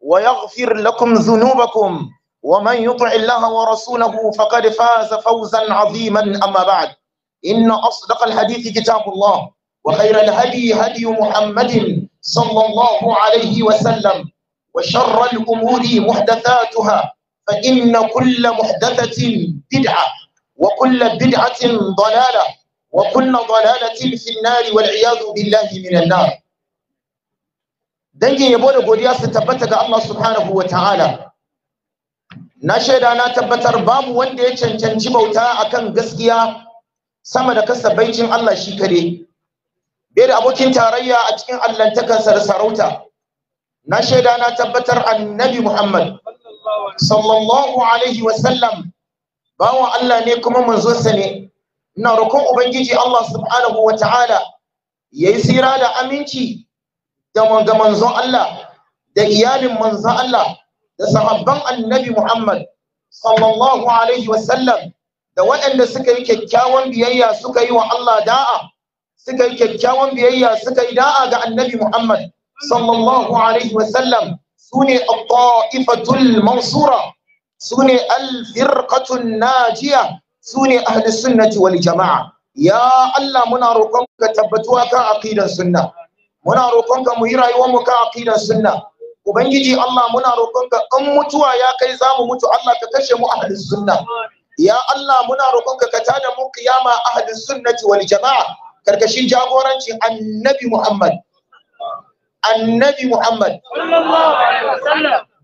ويغفر لكم ذنوبكم ومن يطع الله ورسوله فقد فاز فوزا عظيما أما بعد إن أصدق الحديث كتاب الله وخير الهدي هدي محمد صلى الله عليه وسلم وشر الأمور محدثاتها فإن كل محدثة بدعة وكل بدعة ضلالة وكل ضلالة في النار والعياذ بالله من النار dangin yabo da godiya su tabbata ga Allah subhanahu wa ta'ala na shaida na tabbatar babu wanda ya cancanci bauta akan gaskiya sama da kasa baicin Allah shi kare bai da abokin tarayya a cikin allantakansa da sarauta na shaida na tabbatar annabi Muhammad sallallahu alaihi wa sallam bawan Allah ne kuma manzonsa ne ina roƙon ubangiji Allah subhanahu wa ta'ala yayi sira da aminci ga manzon Allah da iyalin manzon Allah da sahabban annabi Muhammad sallallahu alaihi sallam, da waɗanda suka yi kyakkyawan biyayya suka yi wa Allah da'a suka yi kyakkyawan biyayya suka yi da'a ga annabi Muhammad sallallahu alaihi wasallam su ne al-ta'ifatul mansura su ne al-firqatun najiya su ne ahli sunnati wal jama'a ya Allah muna roƙon ka tabbatuwa kan aqidan sunna muna roƙonka mu yi rayuwar mu kan aqidar sunna ubangiji Allah muna roƙonka in mutuwa ya kai zamu mutu Allah ka kashe mu ahli sunna ya Allah muna roƙonka ka tada mu kiyama ahli sunnati wal jama'a karkashin jagorancin annabi Muhammad annabi Muhammad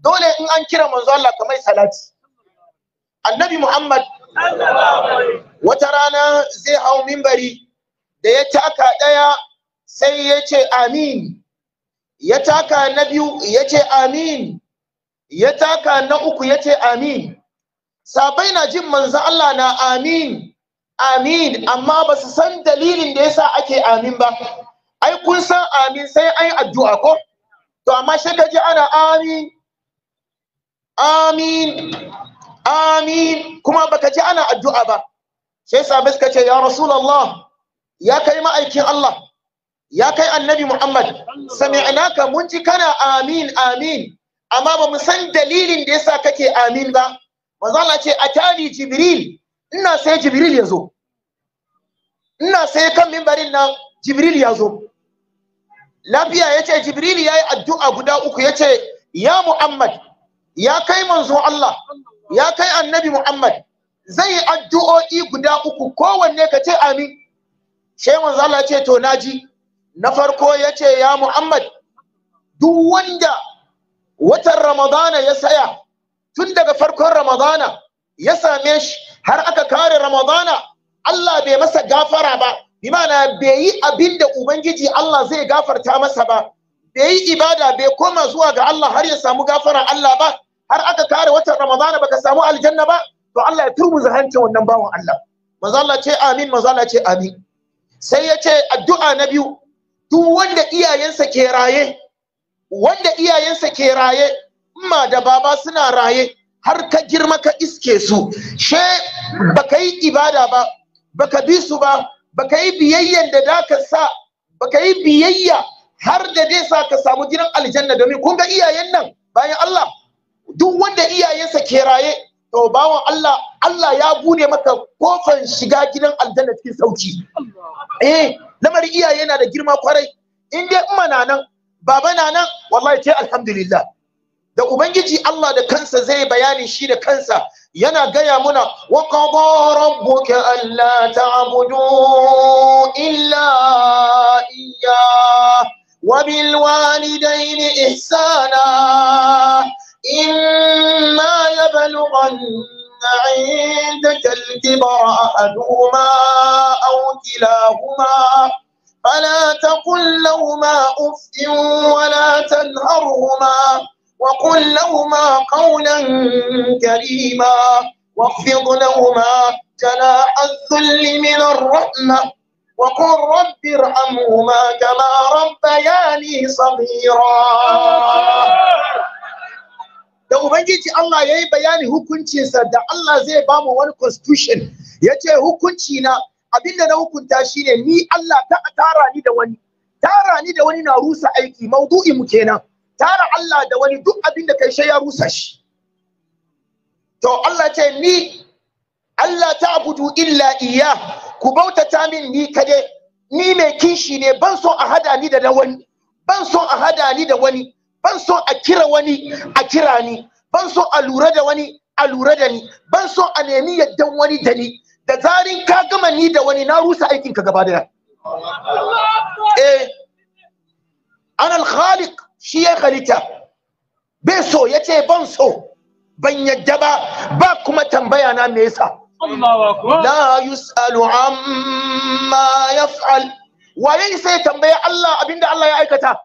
dole in an kira manzo Allah ka mai salati annabi Muhammad wata rana zai hau mimbari da ya taka daya sai ya ce amin ya taka na biyu ya ce amin ya taka na uku ya ce amin sabai na jin manzo Allah na amin amin amma ba su san dalilin da yasa ake amin ba ai kun san amin sai ai addu'a ko to amma sai kaji ana amin amin amin kuma baka ji ana addu'a ba sai sabai suka ce ya rasulullah ya kai ma'aikin Allah ya kai annabi Muhammad ka mun ji kana amin amin amma ba mu san dalilin da yasa kake amin ba manzo Allah ce atani jibril ina sai jibril ya zo ina sai kan mimbarin nan jibril ya zo lafiya ya ce jibril ya yi addu'a guda uku ya ce ya muhammad ya kai manzo Allah ya kai annabi muhammad zai yi addu'o'i guda uku kowanne ka ce amin shi manzo Allah ce to naji na farko ya ce ya Muhammad duk wanda watan Ramadana ya saya tun daga farkon Ramadana ya same shi har aka kare Ramadana Allah bai masa gafara ba Imana bai yi abin da Ubangiji Allah zai gafarta masa ba bai yi ibada bai koma zuwa ga Allah har ya samu gafara Allah ba har aka kare watan Ramadana baka samu aljanna ba to Allah ya turmuza hancin wannan bawan Allah manzo Allah ce amin manzo Allah ce amin sai ya ce addu'a na biyu duk wanda iyayensa ke raye wanda iyayensa ke raye ma da baba suna raye har ka girma ka iske su she baka yi ibada ba baka bi su ba baka yi biyayyan da daka sa baka yi biyayya har da dai sa ka samu gidan aljanna domin kun ga iyayen nan bayan Allah duk wanda iyayensa ke raye to bawan Allah Allah ya bude maka kofan shiga gidan aljanna cikin sauki eh lamar iyaye yana da girma kwarai in dai umma na nan baba na nan wallahi sai alhamdulillah da ubangiji Allah da kansa zai bayani shi da kansa yana gaya muna wa qada rabbuka alla ta'budu illa iyya wa bil walidayni ihsana imma yablughanna عندك الكبر أحدهما أو كلاهما فلا تقل لهما أف ولا تنهرهما وقل لهما قولا كريما واخفض لهما جناح الذل من الرحمة وقل رب ارحمهما كما ربياني صغيرا da ubangiji Allah ya yi bayani hukuncinsa da Allah zai ba mu wani constitution ya ce hukunci na abinda na hukunta shine ni Allah ta tara ni da wani tara ni da wani na rusa aiki maudu'i mu kenan tara Allah da wani duk abinda kai shi ya rusa shi to Allah ce ni Allah ta abudu illa iya ku bautata min ni kade ni mai kishi ne ban so a hada ni da wani ban so a hada ni da wani ban so a kira wani a kira ni ban so a lura da wani a lura da ni ban so a nemi yaddan wani da ni da zarin ka gama ni da wani na rusa aikin ka gaba daya eh ana al shi ya halitta bai so yace ban so ban yadda ba ba kuma tambaya na me yasa la yus'alu amma yaf'al waye sai ya tambaye Allah abinda Allah ya aikata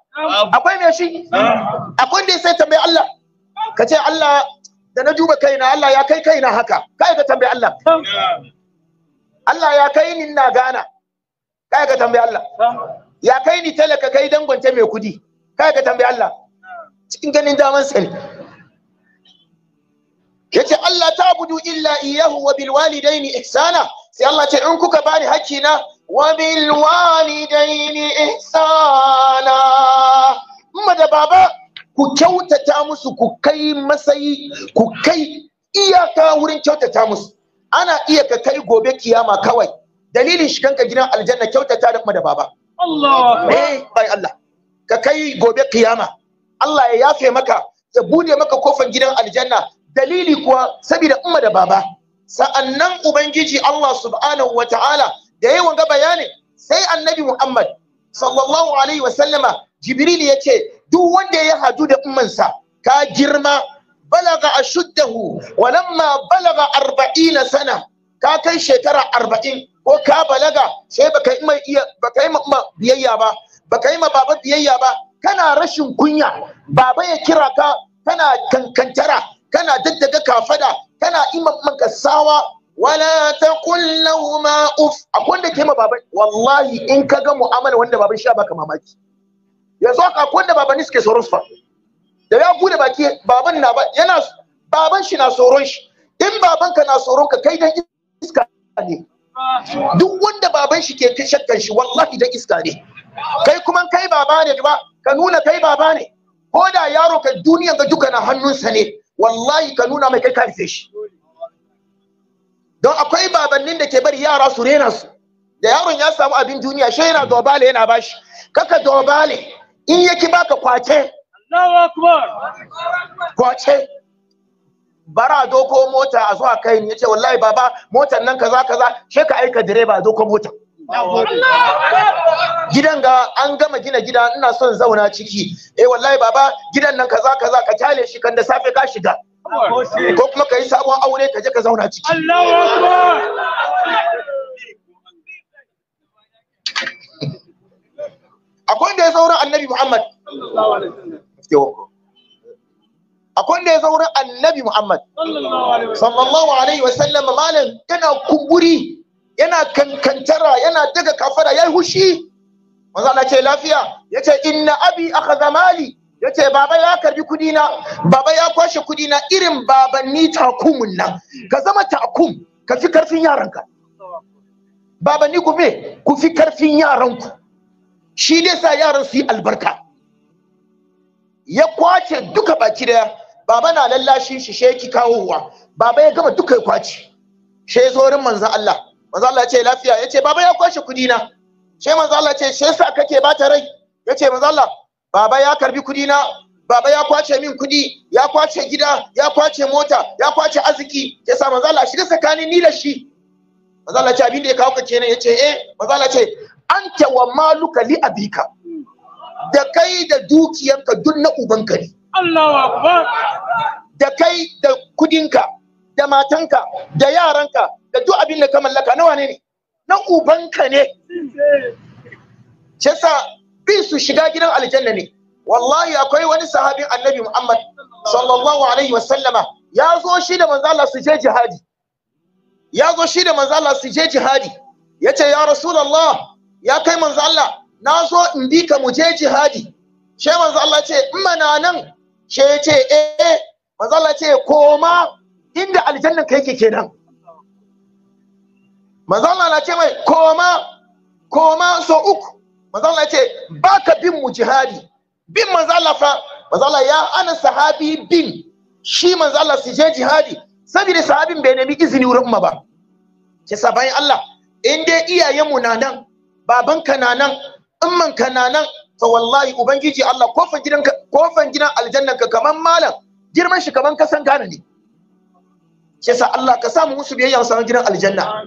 akwai me shi akwai ne sai tambaye Allah ka ce Allah da na duba kaina Allah ya kai kaina haka kai ka tambaye Allah Allah ya kai ni na gana kai ka tambaye Allah ya kai ni talaka kai dangwance mai kudi kai ka tambaye Allah cikin ganin daman sa ne yace Allah ta budu illa iyahu wa bil walidaini ihsana sai Allah ce in kuka bani hakkina وبالوالدين إحسانا ماذا بابا ku kyautata musu ku kai masayi ku kai iyaka wurin kyautata musu ana iya ka kai gobe kiyama kawai dalilin shiganka gidan aljanna kyautata da kuma da baba Allah eh bai Allah ka kai gobe kiyama Allah ya yafe maka ya bude maka kofar gidan aljanna dalili kuwa saboda umma da baba sa'annan ubangiji Allah subhanahu wataala da yawan ga bayani sai annabi Muhammad sallallahu alaihi wa sallama Jibril ya ce duk wanda ya hadu da ummansa ka girma balaga ashuddahu walamma lamma balaga 40 sana ka kai shekara arba'in? ko ka balaga sai baka yi iya baka yi ma biyayya ba baka yi ma baba biyayya ba kana rashin kunya baba ya kira ka kana kankantara kana daddaga kafada kana imam maka sawa wala ta taqul lahuma uf akwai wanda ke ma baban wallahi in ka ga mu'amala wanda baban sha baka mamaki yanzu haka akwai da baban suke tsoron su da ya bude baki baban na ba yana baban shi na tsoron shi in baban ka na tsoron ka kai dan iska ne duk wanda baban shi ke shakkan shi wallahi dan iska ne kai kuma kai baba ne ba ka nuna kai baba ne ko da yaro ka duniya ga duka na hannunsa ne wallahi ka nuna mai kai ka rufe shi don akwai babannin da ke bari yara su rena su da yaron ya samu abin duniya shi yana dobale yana bashi kaka dobale in yake baka kwace Allahu akbar kwace bara doko mota a zuwa kai ne yace wallahi baba motar nan kaza kaza shi ka aika direba doko mota gidan ga an gama gina gida ina son zauna ciki eh wallahi baba gidan nan kaza kaza ka kyale shi kan da safe ka shiga ko kuma ka yi sabon aure ka je ka zauna ciki Allahu akbar akwai da ya zo annabi Muhammad akwai da ya zo annabi Muhammad sallallahu alaihi wa sallam malam yana kumburi yana kankantara yana daga kafara ya yi hushi manzo ce lafiya ya yace inna abi aka mali ya ce baba ya karbi kudina baba ya kwashe kudina irin babanni takumun nan ka zama takum ka fi karfin yaranka babanni ku me ku fi karfin yaranku shi ne sa yaran su yi albarka ya kwace duka baki daya baba na lallashi shi she ki kawowa baba ya gama duka ya kwace she ya zo wurin manzo Allah manzo Allah ya ce lafiya ya ce baba ya kwashe kudina she manzo Allah ya ce she sa kake bata rai ya ce Allah baba ya karbi kuɗi na baba ya kwace min kuɗi ya kwace gida ya kwace mota ya kwace arziki ya sa manzo Allah shiga tsakanin ni da shi manzo Allah ce abin da ya kawo ka kenan yace eh manzo Allah ce anta wa maluka li abika da kai da dukiyanka duk na ubanka ne Allahu akbar da kai da kudinka da matanka da yaranka da duk abin da ka mallaka nawa ne na ubanka ne Shesa bin su shiga gidan aljanna ne wallahi akwai wani sahabin annabi Muhammad sallallahu alaihi wa sallama ya zo shi da manzo Allah su je jihadi ya zo shi da manzo Allah su je jihadi yace ya rasulullah ya kai manzo Allah na zo in bi ka mu je jihadi she manzo Allah ce in mana nan she yace eh, eh manzo Allah ce koma inda aljannan ka ke kenan manzo Allah na ce mai koma koma so uku manzo Allah ce ba ka bin mu jihadi bin manzo Allah fa manzo Allah ya ana sahabi bin shi manzo Allah su je jihadi saboda sahabin bai nemi izini wurin ba ki sabayin Allah in dai iyayenmu na nan babanka na nan ummanka na nan fa wallahi ubangiji Allah kofan gidan kofan gidan aljannanka kaman malam girman shi kaman kasan gane ne shi sa Allah ka samu musu biyayya samu gidan aljanna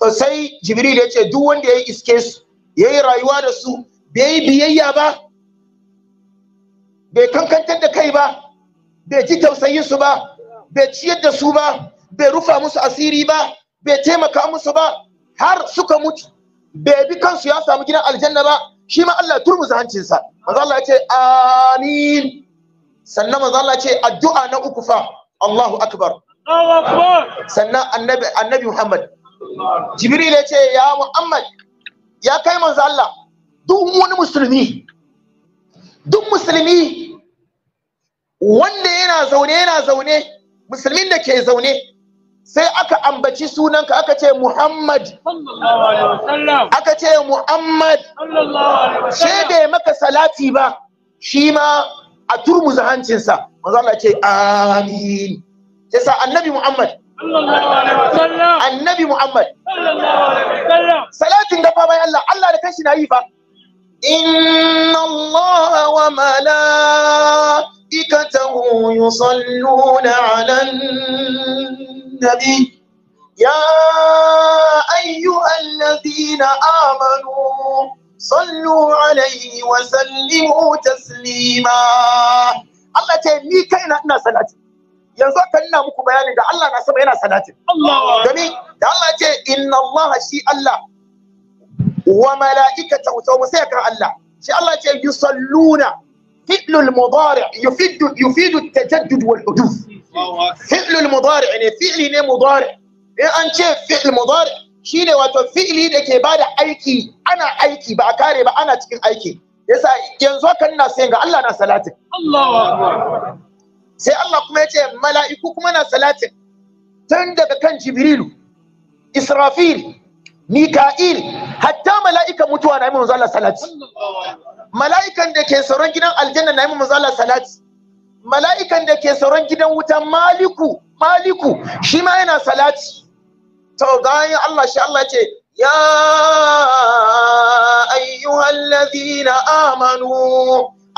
to sai jibril ya ce duk wanda ya iske su ya yi rayuwa da su bai yi biyayya ba bai kankantar da kai ba bai ji tausayin su ba bai ciyar da su ba bai rufa musu asiri ba bai taimaka musu ba har suka mutu bai bi kansu ya samu gidan aljanna ba shi ma Allah turmu turmuza hancinsa manzo Allah ya ce amin sannan manzo Allah ya ce addu'a na uku fa Allahu akbar sannan annabi annabi Muhammad Jibril ya ce ya Muhammad ya kai manzo Allah duk wani musulmi duk musulmi wanda yana zaune yana zaune musulmin da ke zaune sai aka ambaci sunanka aka ce Muhammad aka ce Muhammad she bai maka salati ba shi ma a turmuzi hancinsa manzo Allah ce amin yasa annabi Muhammad النبي محمد صلاة دفا ما يلا الله لكيش نايفا إن الله وملائكته يصلون على النبي يا أيها الذين آمنوا صلوا عليه وسلموا تسليما الله تعالى مي كينا yanzu aka nuna muku bayanin da Allah na sama yana salatin domin da Allah ce inna Allah shi Allah wa mala'ikata wa musaya kan Allah shi Allah ce yusalluna fi'lul mudari yufidu yufidu tajaddud wal huduf fi'lul mudari ne fi'li ne mudari in an ce fi'l mudari shine wato fi'li da ke bada aiki ana aiki ba a kare ba ana cikin aiki yasa yanzu haka ina sayin ga Allah na salatin sai Allah kuma ya ce mala'iku kuma na salatin tun daga kan Jibril, israfil mika'il hatta mala'ikan mutuwa na yi manzo salati mala'ikan da ke sauran gidan aljanna na yi manzo salati mala'ikan da ke sauran gidan wuta maliku maliku shi ma yana salati to bayan Allah shi Allah ce ya ayyuhal ladina amanu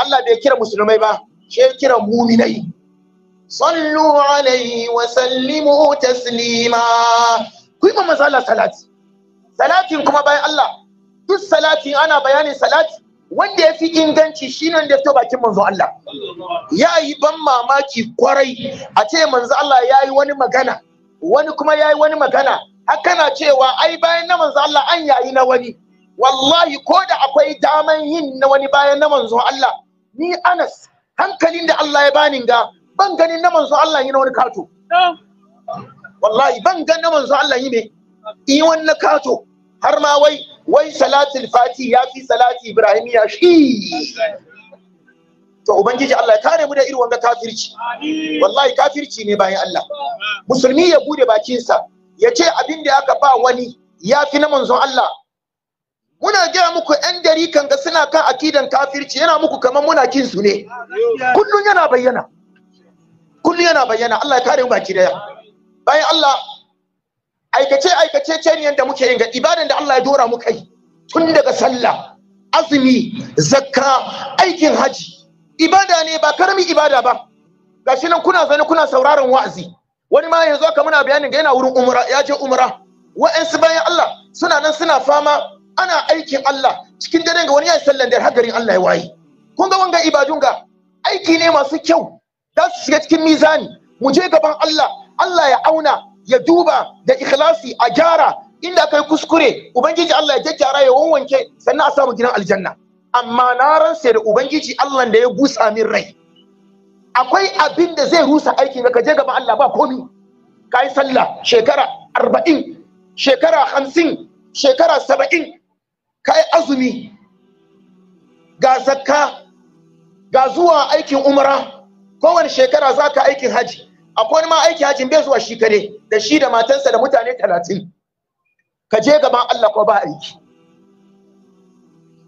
Allah bai kira musulmai ba shi kira muminai sallu alaihi wa sallimu taslima ku yi ma salati salatin kuma bayan Allah duk salati ana bayanin salati wanda ya fi inganci shine wanda ya fito bakin manzo Allah ya yi ban mamaki kwarai a ce manzo Allah ya yi wani magana wani kuma ya yi wani magana hakana cewa ai bayan na manzo Allah an yayi na wani wallahi ko da akwai daman yin na wani bayan na manzo Allah ni Anas hankalin da Allah ya bani ga ban ganin na manzo Allah yi na wani kato wallahi ban ganin na manzo Allah yi ne yi wani kato har ma wai wai salatul fati ya fi salati ibrahim ya shi to ubangiji Allah ya kare mu da irin wanga kafirci wallahi kafirci ne bayan Allah musulmi ya bude bakinsa ya ce abin da aka ba wani ya fi na manzon Allah muna gaya muku yan dari kan suna kan akidan kafirci yana muku kamar muna kin su ne kullun yana bayyana kullum yana bayyana Allah ya kare mu baki daya bayan Allah aikace aikace ce ne yanda muke yin ga ibadan da Allah ya dora mu kai tun daga sallah azumi zakka aikin haji ibada ne ba karami ibada ba gashi nan kuna zane kuna sauraron wa'azi wani ma yanzu aka muna bayanin ga yana wurin umra ya je umra wa'ansu bayan Allah suna nan suna fama ana aikin Allah cikin dare ga wani ya sallan da har garin Allah ya waye kun ga wanga ibadun ga aiki ne masu kyau za su shiga cikin mizani mu je gaban Allah Allah ya auna ya duba da ikhlasi a gyara inda aka yi kuskure ubangiji Allah ya gyara ya wanwanke sannan a samu gidan aljanna amma na ransa da ubangiji Allah da ya gusa min rai akwai abin da zai rusa aikin ka je gaban Allah ba komi kai sallah shekara arba'in, shekara 50 shekara 70 kai azumi ga zakka ga zuwa aikin umra kowane shekara za ka aikin haji akwai wani ma aikin hajin bai zuwa shi kare da shi da matansa da mutane talatin ka je gaban Allah ko ba aiki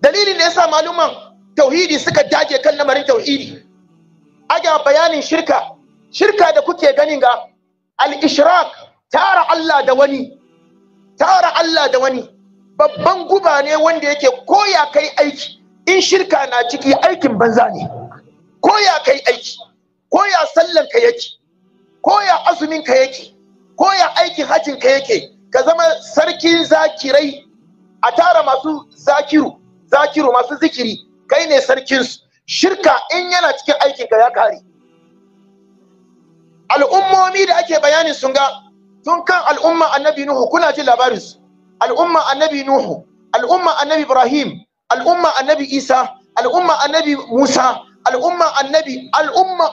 dalilin da yasa maluman tauhidi suka dage kan lamarin tauhidi aga bayanin shirka shirka da kuke ganin ga al ishrak tara Allah da wani tara Allah da wani babban guba ne wanda yake koya kai aiki in shirka na ciki aikin banza ne koya kai aiki ko ya sallan ka yake ko ya azumin ka yake ko ya aikin hajjin ka yake ka zama sarkin zakirai a tara masu zakiru zakiru masu zikiri kai ne sarkin su shirka in yana cikin aikin ka ya kare al'ummomi da ake bayanin sun ga tun kan al'umma annabi nuhu kuna ji labarin su al'umma annabi nuhu al'umma annabi ibrahim al'umma annabi isa al'umma annabi musa al'umman annabi al'umman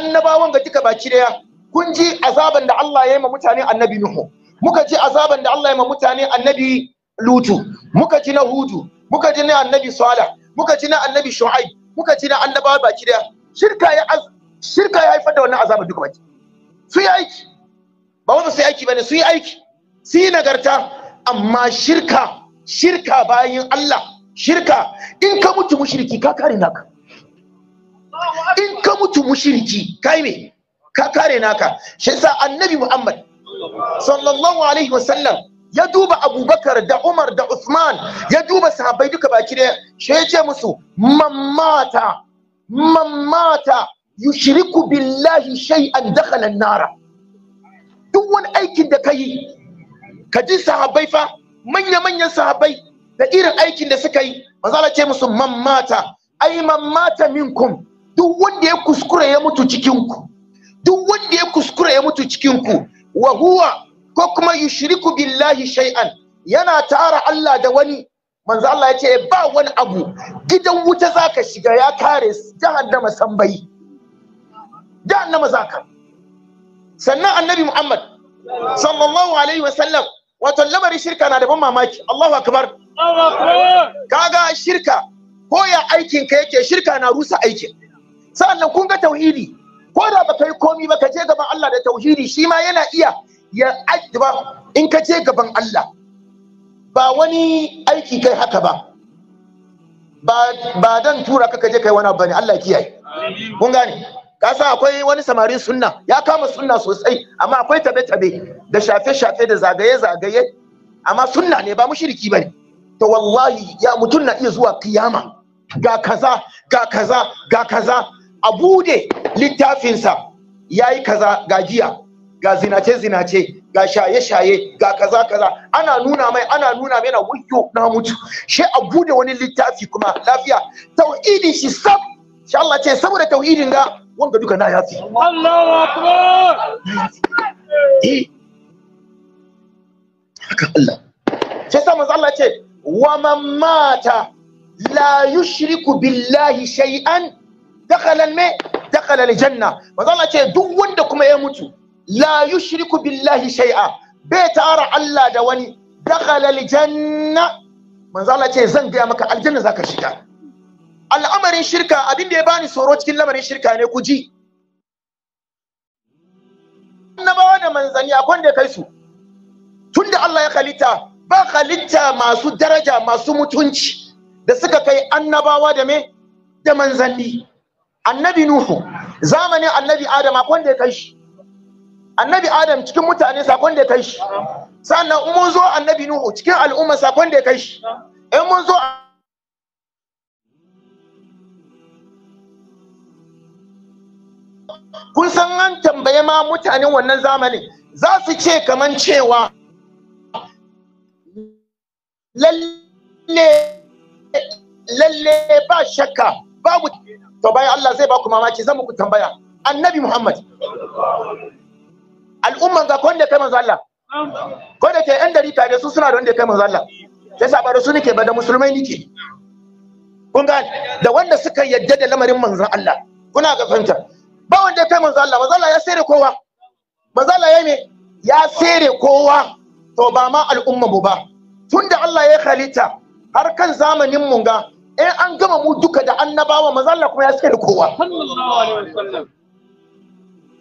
annabawan ga duka baki daya kun ji azaban da Allah ya yi ma mutane annabi Nuhu muka ji azaban da Allah ya yi ma mutane annabi Lutu muka ji na Hudu muka ji na annabi Salih muka ji na annabi Shu'aib muka ji na annabawa baki daya shirka ya shirka ya haifar da wannan azaban duka baki su yi aiki ba wanda su yi aiki bane su yi aiki su yi nagarta amma shirka shirka bayin Allah shirka in ka mutu mushriki ka kare naka in ka mutu mushriki kai me ka kare naka shi yasa annabi muhammad sallallahu alaihi wasallam ya duba abubakar da umar da usman ya duba sahabbai duka baki daya shi ya ce musu mamata mamata yushriku billahi shay'an dakhala nara duk wani aikin da kai ka ji sahabbai fa manya manyan sahabbai da irin aikin da suka yi manzo ce musu mamata ai mamata minkum duk wanda ya kuskura ya mutu cikinku duk wanda ya kuskure ya mutu cikinku wa huwa ko kuma yushriku billahi shay'an yana tara Allah da wani manzo Allah ya eh, ba wani abu gidan wuta zaka shiga ya kare jahannama sambayi jahannama zaka sannan annabi Muhammad sallallahu alaihi wasallam wato lamarin shirka na da ban mamaki Allahu akbar Allahu akbar kaga shirka ko ya aikin ka yake shirka na rusa aikin sa'annan kun ga tauhidi ko da baka yi komi ba ka je gaban Allah da tauhidi shi ma yana iya ya addu'a in ka je gaban Allah ba wani aiki kai haka ba ba dan tura ka je kai wani abu ne Allah kiyaye kun gane ka sa akwai wani samarin sunna ya kama sunna sosai amma akwai tabe-tabe da shafe-shafe da zagaye-zagaye amma sunna ne ba mushriki bane to wallahi ya mutum na iya zuwa kiyama ga kaza ga kaza ga kaza a bude littafinsa ya yi kaza ga giya ga zinace-zinace ga shaye-shaye ga kaza-kaza ana nuna mai ana nuna mai na wuyo na mutu shi a bude wani littafi kuma lafiya tauhidin shi sab shi Allah ce saboda tauhidin ga wanga duka na yafi Allahu akbar haka Allah sai sa manzo Allah ce wa man mata la yushriku billahi shay'an dakhala me dakhala aljanna manzo Allah ce duk wanda kuma ya mutu la yushriku billahi shay'a bai tara Allah da wani dakhala aljanna manzo Allah ce zan ga maka aljanna zaka shiga al'amarin shirka abin da ya bani tsoro cikin lamarin shirka ne ku ji annabawa da manzani akwai da kai su tunda Allah ya khalita, ba halitta masu daraja masu mutunci da suka kai annabawa da me da manzanni annabi nuhu zamanin annabi adam akwai da ya kai shi annabi adam cikin mutane sakon da ya kai shi sannan in mun zo annabi nuhu cikin al'umma sakon da ya kai shi in mun zo kun san an tambaye ma mutanen wannan zamanin za su ce kaman cewa lalle lalle ba shakka babu to bayan Allah zai baku mamaki zan muku tambaya annabi Muhammad al'umman ga kon da kai manzo Allah ko da ke yan dari tare su suna da wanda kai manzo Allah sai sa bare su nake ba da musulmai nake kun ga da wanda suka yadda da lamarin manzon Allah kuna ga fanta. ba wanda kai manzo Allah manzo Allah ya sere kowa manzo Allah ya me ya sere kowa to ba ma al'umma mu ba tunda Allah ya halitta har kan zamanin mu ga in an gama mu duka da annabawa maza Allah kuma ya tsare da kowa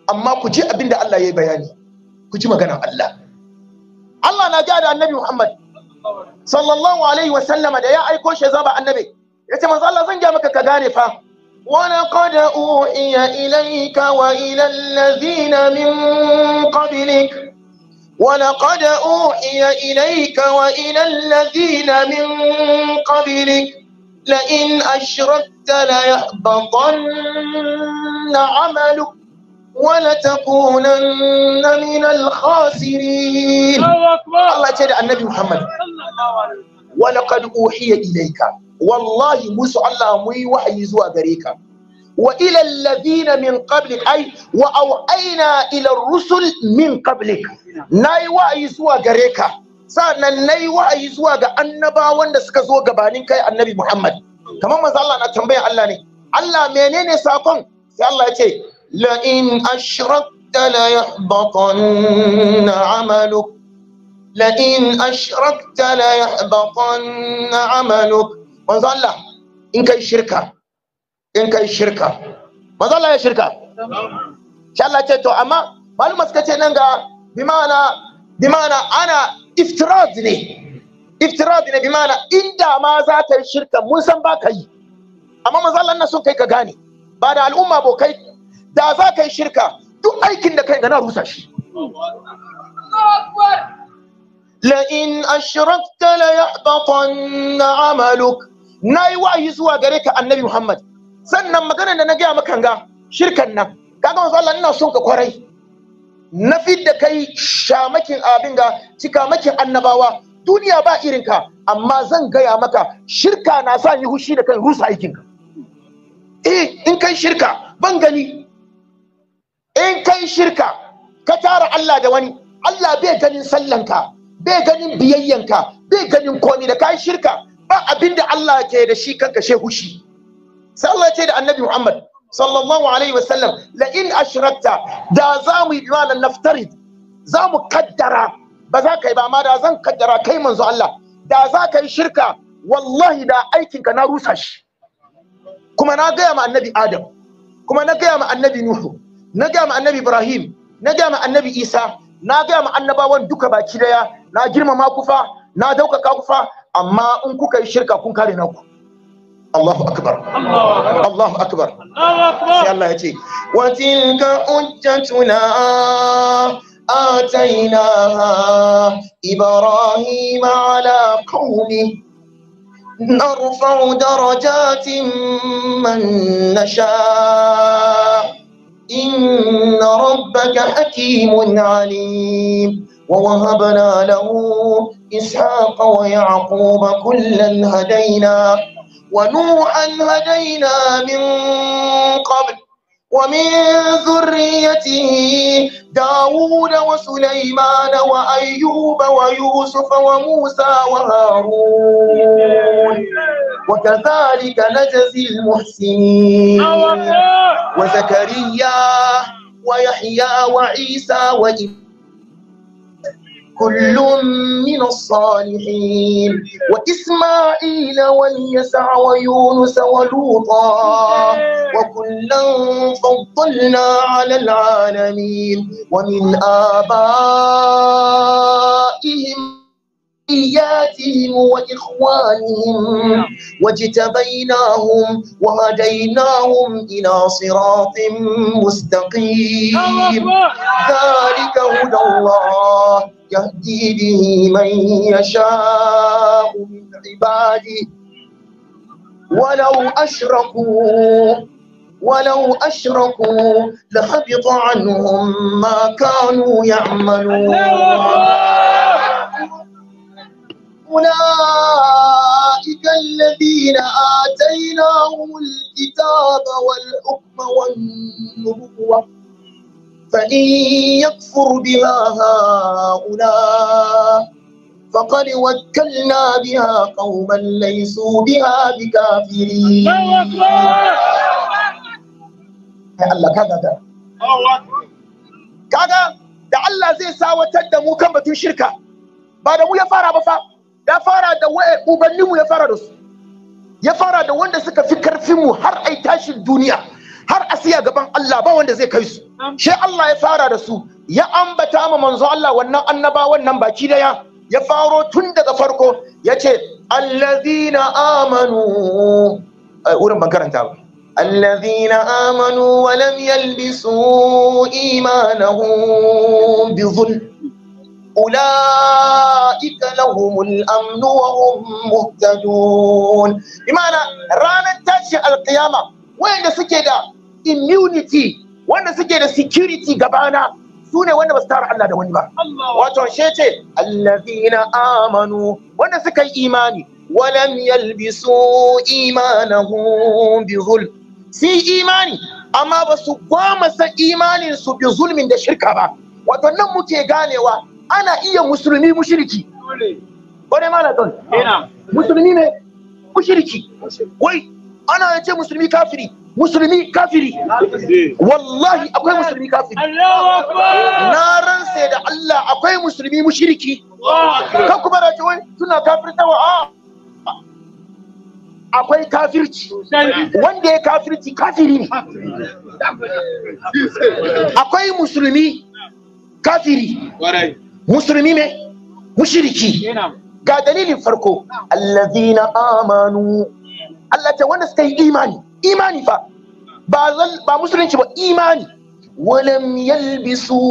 amma ku ji abin da Allah ya yi bayani ku ji maganar Allah Allah na gaya da annabi Muhammad sallallahu alaihi wa sallama da ya aiko shi zaba annabi yace maza Allah zan ga maka ka gane fa ولقد أوحي إليك وإلى الذين من قبلك ولقد أوحي إليك وإلى الذين من قبلك لئن أشركت ليحبطن عملك ولتكونن من الخاسرين الله يتدعى النبي محمد ولقد أوحي إليك والله موسى الله مي وحي زوى غريكا وإلى الذين من قبلك أي وأوحينا إلى الرسل من قبلك ناي وحي زوى غريكا sa'annan nayi wa'ayi zuwa ga annabawan da suka zo gabanin kai annabi Muhammad kamar manzo Allah na tambayan Allah ne Allah menene sakon sai Allah ya ce La'in in ashrakta la yahbatanna 'amaluk la in ashrakta la yahbatanna 'amaluk manzo Allah in kai shirka in kai shirka manzo Allah ya shirka insha Allah ce to amma malama suka ce nan ga bimana bimana ana iftirad ne iftirad ne bi mana inda ma za ta yi shirka mun san ba ka yi amma manzo Allah na sun kai ka gane ba da al'umma bokai da za ka yi shirka duk aikin da kai ga na rusa shi لئن أشركت Amaluk. Na yi وعي zuwa gare ka annabi Muhammad sannan maganar da na gaya maka ga shirkan nan kaga manzo Allah ina son ka kwarai na da kai shamakin abin ga cikamakin annabawa duniya ba irin ka, amma zan gaya maka shirka na sa ni hushi da kan rusa aikinka eh in kai shirka ban gani in kai shirka ka tara Allah da wani Allah bai ganin sallanka bai ganin biyayyanka bai ganin komi da kai shirka ba abinda Allah ke da shi kanka shehu shi sai Allah ce da Annabi Muhammad sallallahu alaihi wasallam la in ashrakta da za mu yi bimalan naftarid za mu kaddara ba za ka yi ba ma da zan kaddara kai manzo Allah da za ka yi shirka wallahi da aikinka na rusa shi kuma na gaya ma annabi adam kuma na gaya ma annabi nuhu na gaya ma annabi ibrahim na gaya ma annabi isa na gaya ma annabawan duka baki daya na girmama kufa, na daukaka kufa, amma in kuka yi shirka kun kare naku الله أكبر الله أكبر الله أكبر الله يجي وتلك حجتنا آتيناها إبراهيم على قومه نرفع درجات من نشاء إن ربك حكيم عليم ووهبنا له إسحاق ويعقوب كلا هدينا ونوحا هدينا من قبل ومن ذريته داود وسليمان وأيوب ويوسف وموسى وهارون وكذلك نجزي المحسنين وزكريا ويحيى وعيسى وإبراهيم كل من الصالحين وإسماعيل واليسع ويونس ولوطا وكلا فضلنا على العالمين ومن آبائهم إياتهم وإخوانهم واجتبيناهم وهديناهم إلى صراط مستقيم ذلك هدى الله يهدي به من يشاء من عباده ولو أشركوا ولو أشركوا لحبط عنهم ما كانوا يعملون أولئك الذين آتيناهم الكتاب والحكم والنبوة فإن يكفر بها هؤلاء فقد وكلنا بها قوما ليسوا بها بكافرين الله كذا da kaga da Allah zai sawatar da mu kan batun shirka ba da mu ya fara ba fa ya fara da waye ubanninmu ya fara da su ya fara da wanda suka fi karfin mu har ai tashin duniya har asiya gaban Allah ba wanda zai kai su she Allah ya fara da su ya ambata ma manzo Allah wannan annabawan nan baki daya ya faro tun daga farko ya ce allazina amanu eh, wurin ban karanta ba الذين آمنوا ولم يلبسوا إيمانهم بظلم أولئك لهم الأمن وهم مهتدون Imana رانا تاشي القيامة wayanda suke da. immunity wanda suke da security gabana su ne wanda ba su tara Allah da wani ba wato she ce allazina amanu wanda suka yi imani walam yalbisu imanahum bi zulm si imani amma ba su gwamasa imanin su bi zulmin da shirka ba wato nan muke ganewa ana iya musulmi mushriki Bane ma na Ina. Musulmi ne mushriki. Wai ana yace musulmi kafiri musulmi kafiri wallahi akwai musulmi kafiri na ransa da Allah akwai musulmi mushriki kan kuma da wai suna kafirta wa akwai kafirci wanda ya kafirci kafiri ne akwai musulmi kafiri musulmi ne mushriki ga dalilin farko allazina amanu Allah ta wanda suka yi imani imani fa ba ba musulunci ba imani walam yalbisu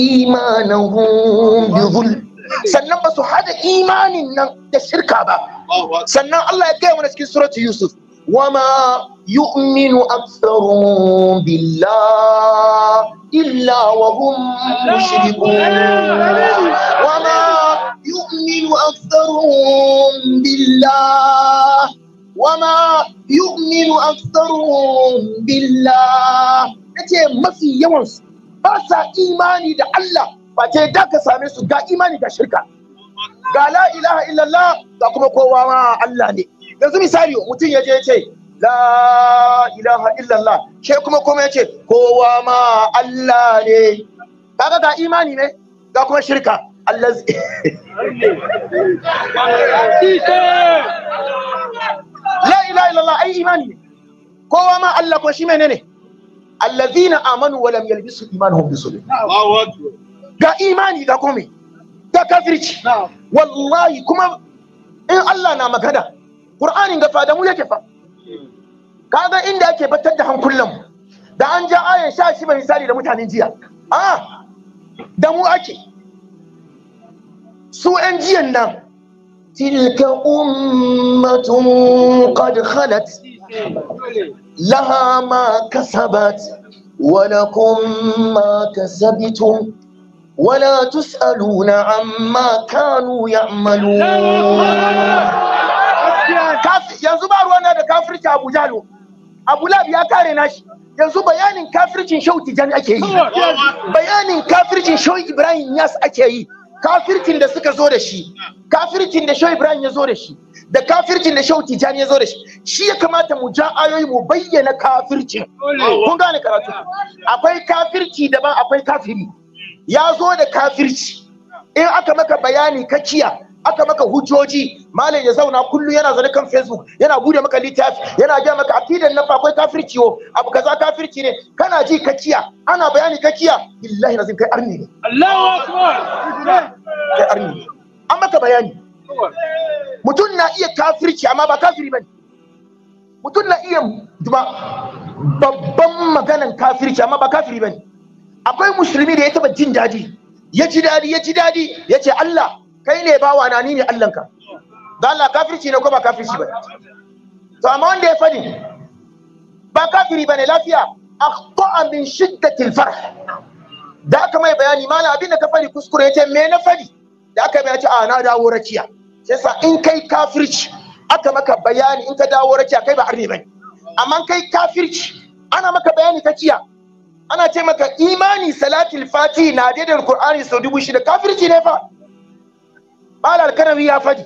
imanahum bi zulm sannan ba su hada imanin nan da shirka ba sannan Allah ya gaya mana cikin suratul yusuf وما يؤمن أكثرهم بالله إلا وهم مشركون وما يؤمن أكثرهم بالله wama yu'minu aktharuhum billah yace mafi yawan su ba sa imani da Allah ba ce da ka same su ga imani ga shirka ga la ilaha illallah ga kuma kowa ma Allah ne yanzu misali mutum ya ce la ilaha illallah she kuma kuma yace kowa ma Allah ne kaga ga imani ne ga kuma shirka allazi la ilaha illallah ai imani ne kowa ma Allah kuma shi menene allazina amanu wa lam yalbisu imanuhum bi sulm ga imani ga komai ga kafirci wallahi kuma in Allah na magana Qur'anin ga fada mu yake fa kaga inda yake batar da hankulan mu da an ja ayan sha shi misali da mutanen jiya a ah, da mu ake su 'yan jiyan nan تلك أمة قد خلت لها ما كسبت ولكم ما كسبتم ولا تسألون عما كانوا يعملون yanzu ba ruwana da kafirci Abu Jalo Abu Lab ya kare nashi yanzu bayanin kafircin Shehu Jan ake yi bayanin kafircin Shehu Ibrahim Yas ake yi kafircin da suka zo da shi kafircin da Shehu Ibrahim ya zo da shi da kafircin da Shehu Tijani ya zo da shi shi ya kamata mu ja ayoyi mu bayyana kafircin kun gane karatu akwai kafirci daban akwai kafiri ya zo da kafirci in aka maka bayani ka aka maka hujjoji malam ya zauna kullum yana zane kan facebook yana bude maka littafi yana ga maka akidan nan fa akwai kafirci yo abu kaza kafirci ne kana ji ka kiya, ana bayani kaciya billahi lazim kai arni ne Allahu akbar kai arni ne an maka bayani mutum na iya kafirci amma ba kafiri bane mutum na iya babban maganan kafirci amma ba kafiri bane akwai musulmi da ya taba jin daɗi ya ji daɗi ya ji daɗi ya ce Allah kai ne bawa na ni ne Allahnka don Allah kafirci ne ko ba kafirci ba to amma wanda ya fadi ba kafiri bane lafiya akhta'a min shiddatil farh da aka mai bayani mala abin da ka fadi kuskure yace me na fadi da aka bayani a ah, na dawo rakiya sai in kai kafirci aka maka bayani in ka dawo rakiya kai ba arni bane amma kai kafirci ana maka bayani ta kiya ana ce maka imani salatil fati na daidai qur'ani sau dubu shida kafirci ne fa bala alkanawi ya fadi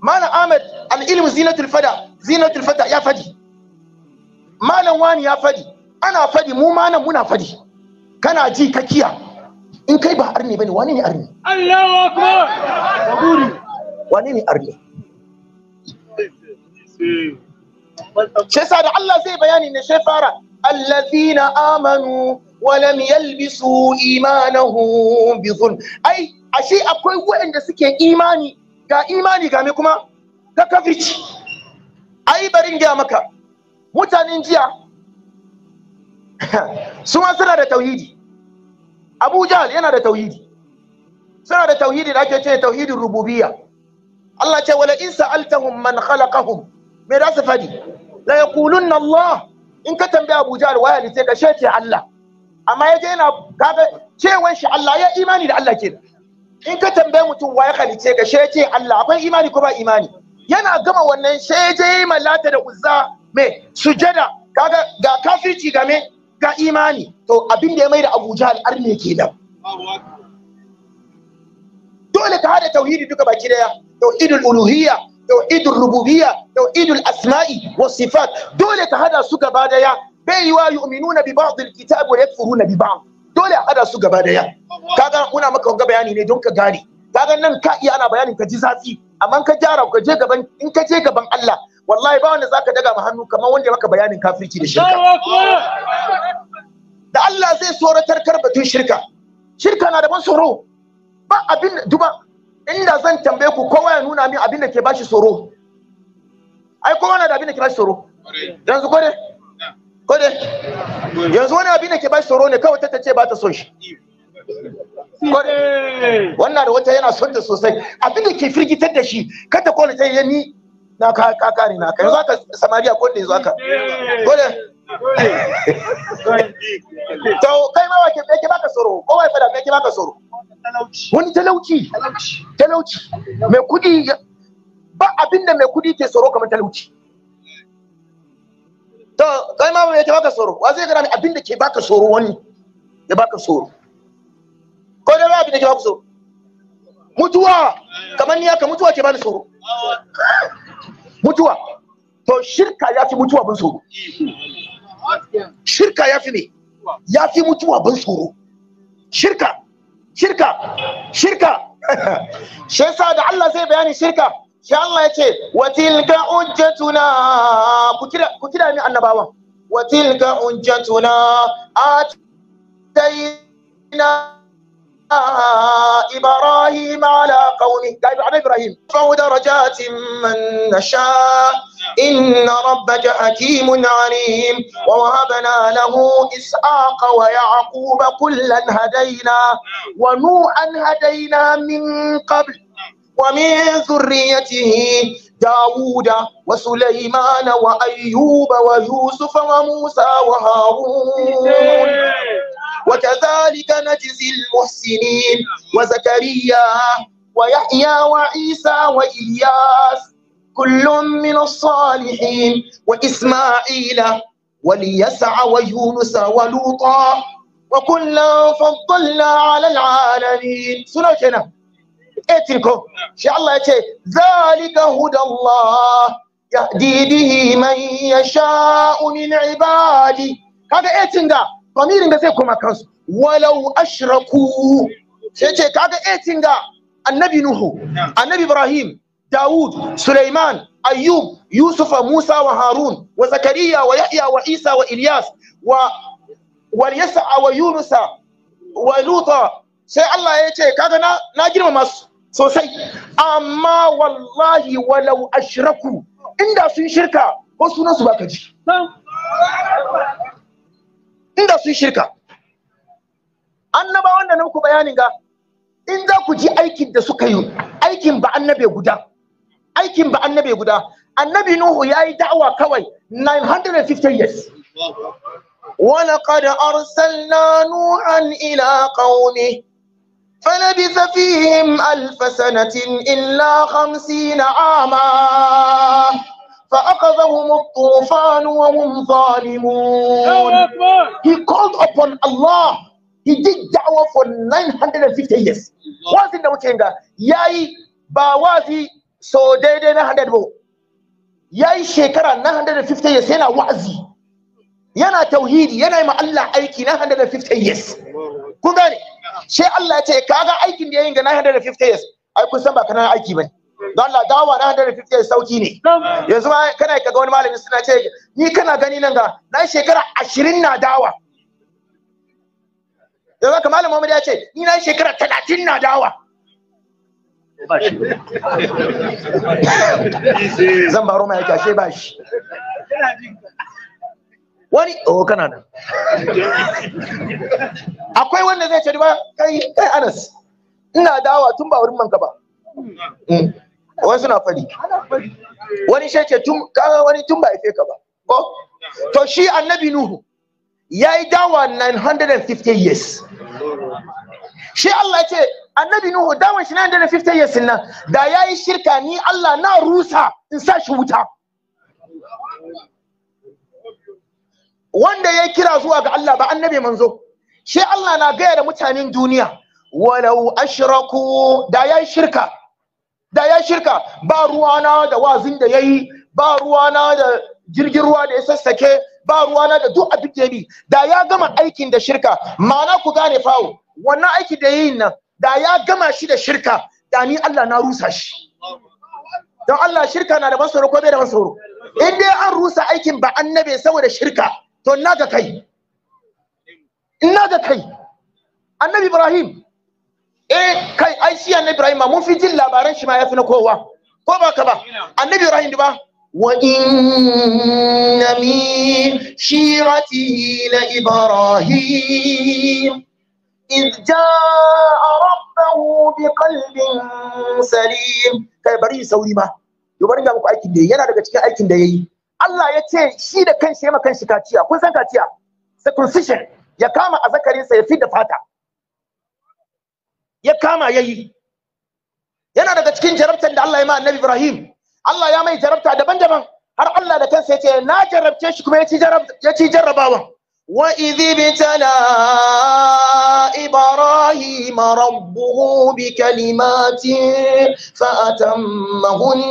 malam ahmed al'ilmu zinatul fada zinatul ya fadi malam wani ya fadi ana fadi mu ma nan muna fadi kana ji ka kiya in kai ba arni bane ne arni Allahu akbar kaburi wani ne arni da Allah zai bayani ne shi fara amanu wa ashe akwai waɗanda suke imani ga imani ga me kuma ga kafirci ai barin gaya maka mutanen jiya su ma suna da tauhidi abu jahal yana da tauhidi suna da tauhidi da ake ce tauhidin rububiyya Allah ce wala in sa'altahum man khalaqahum me da su fadi la yaqulunna Allah in ka tambaya Abu Jahl waya ne sai ka shece Allah amma yaje yana kaga cewan shi Allah ya imani da Allah kenan in ka tambaye mutum wa ya halice ka sai ce Allah akwai imani ko ba imani yana gama wannan sai je malata da uzza me sujada kaga ga kafirci ga me ga imani to abin da ya mai da Abu Jahal arne kenan dole ka hada tauhidi duka baki daya tauhidul uluhiyya tauhidul rububiyya tauhidul asma'i was sifat dole ka hada su gaba daya bai yiwa yu'minuna bi ba'd al-kitab wa yakfuruna bi ba'd dole a hada su gaba daya kaga muna maka wanga bayani ne don ka gane kaga nan ka iya ana bayanin ka ji zafi amma ka gyara ka je gaban in ka je gaban Allah wallahi ba wanda zaka daga ma hannu kamar wanda maka bayanin kafirci da shirka da Allah zai soratar batun shirka shirka na da ban tsoro ba abin duba inda zan tambaye ku kowa ya nuna min abin da ke bashi tsoro ai kowa na da abin da ke bashi tsoro yanzu ko dai ko yanzu wani abin da ke bashi tsoro ne kawai ta ce ba ta son shi wannan da wata yana son ta sosai abin da ke firgitar da shi kada ne ta ni, na ka kakari na kai zaka samariya ko ne yanzu haka ko to kai ma wake ke baka tsoro ko wai fada ke baka tsoro wani talauci talauci mai kudi ba abin da mai kudi ke tsoro kamar talauci to kai ma me yake baka tsoro wa zai gana abin da ke baka tsoro wani ya baka tsoro ko dai ba abin da ke baka tsoro mutuwa kamar ni haka mutuwa ke bani tsoro mutuwa to shirka ya fi mutuwa bin tsoro shirka ya fi ne ya fi mutuwa bin tsoro shirka shirka shirka shi yasa da Allah zai bayani shirka sai Allah ya ce wa tilka ujjatuna ku kira ku kira ni annabawa wa tilka ujjatuna atayna إبراهيم على قومه قال على إبراهيم فهو درجات من نشاء إن ربك حكيم عليم ووهبنا له إسحاق ويعقوب كلا هدينا ونوحا هدينا من قبل ومن ذريته داود وسليمان وأيوب ويوسف وموسى وهارون وكذلك نجزي المحسنين وزكريا ويحيى وعيسى وإلياس كل من الصالحين وإسماعيل وليسع ويونس ولوطا وكلا فضلنا على العالمين سنة 18 ko shi Allah ya ce zalika hudallah yahdi bihi man yasha'u min ibadi kaga etin ga domirin da zai kuma kansu walau ashraku sai ce kaga etin ga annabi nuhu annabi ibrahim داود سليمان أيوب يوسف موسى وهارون وزكريا ويحيى وعيسى وإلياس و واليسع ويونس ولوطا sai Allah ya ce kaga na na girmama su sosai amma wallahi walau ashraku inda sun shirka ko sunan su baka ji inda sun shirka annabawan da ku bayanin ga in za ku ji aikin da suka yi aikin ba annabe guda aikin ba annabe guda annabi nuhu ya yi da'awa kawai 950 years ولقد أرسلنا نوحا إلى قومه فلبث فيهم ألف سنة إلا خمسين عاما فأخذهم الطوفان وهم ظالمون He called upon Allah He did da'wah for 950 years yayi ba wazi so daidai na 100 yayi shekara 950 years yana wa'azi yana tauhidi yana yi ma Allah aiki na 150 years kun sai Allah ya ce kaga aikin da yayin ga 950 years ai kun san ba kana aiki bane don Allah dawa na 150 years sauki ne yanzu ma kana kaga wani malami suna ce ni kana gani nan ga na shekara 20 na dawa yanzu ka malam Muhammad ya ce ni na shekara 30 na dawa zan baro mai kashe bashi wani oh kana nan akwai wanda zai ce ba kai kai Anas ina dawa tun ba wurin manka ba mm. wani suna fari wani shi ce tun wani tun ba ife ka ba ko oh. to shi annabi nuhu yayi dawa 950 years shi Allah ya ce annabi nuhu dawa shi 950 years nan da yayi shirka ni Allah na rusa in sa shi wuta wanda ya kira zuwa ga Allah ba annabi manzo shi Allah na gaya da mutanen duniya walau ashraku da ya shirka da ya shirka ba ruwana da wazin da yayi ba ruwana da jirgin ruwa da ya sassake ba ruwana da duk abin da bi da ya gama aikin da shirka ma'ana ku gane fawo wannan aiki da yayin nan da ya gama shi da shirka da ni Allah na rusa shi don Allah shirka na da masauro ko bai da masauro in dai an rusa aikin ba annabe saboda shirka to ina ga kai ina ga kai annabi ibrahim eh kai ai shi annabi ibrahim ma mun fi jin labaran shi ma yafi na kowa ko ba ka ba annabi ibrahim ba wa inna mi shiratihi la ibrahim إذ جاء ربه بقلب سليم kai bari sauri ma yo bari ga muku aikin da yana daga cikin aikin da yayi Allah ya ce shi da kanshi ma kanshi kaciya kun san kaciya circumcision ya kama sa ya fi da fata ya kama yi yana daga cikin jarabtar da Allah ya ma Annabi Ibrahim Allah ya mai jarabta daban-daban har Allah da kansa ya ce na jarabce shi kuma ya ci jarrabawan وإذ ابتلى إبراهيم kalimatin بكلمات فأتمهن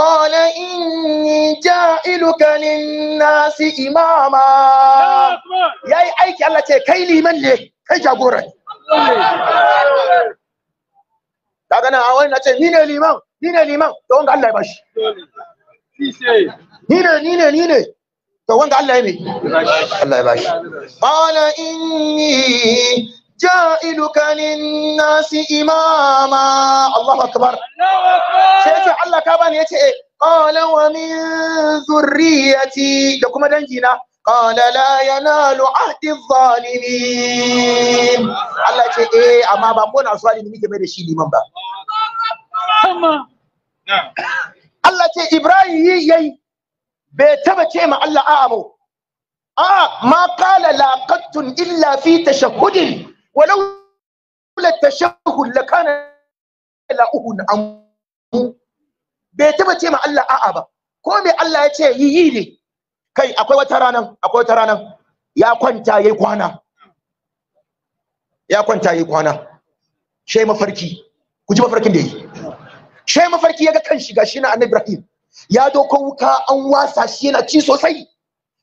قال إني جائلك للناس إماما يا أيك الله كي لي من لي كي جابورا daga nan a wani ce ni liman ni liman to wanga Allah ya bashi ni ne to Allah Allah ja'iluka lin-nasi imama Allahu akbar sai ce Allah ka bani yace eh qala wa min zurriyati da kuma dangina qala la yanalu ahdi zalimin Allah ce amma ba mu na muke mai Allah ce Ibrahim yi yayi bai taba ce ma Allah a'a mu a ma qala laqatun illa fi tashahhudin walau la tashahhud la kana la uhun am bai taba ce ma Allah a'a ba ko me Allah ya ce yi yi ne kai akwai wata ranan akwai wata ranan ya kwanta yayi kwana ya kwanta yayi kwana shey mafarki ku ji mafarkin da yi shey mafarki ya ga kan shiga shi na Annabi Ibrahim ya doko wuka an wasa shi yana ci sosai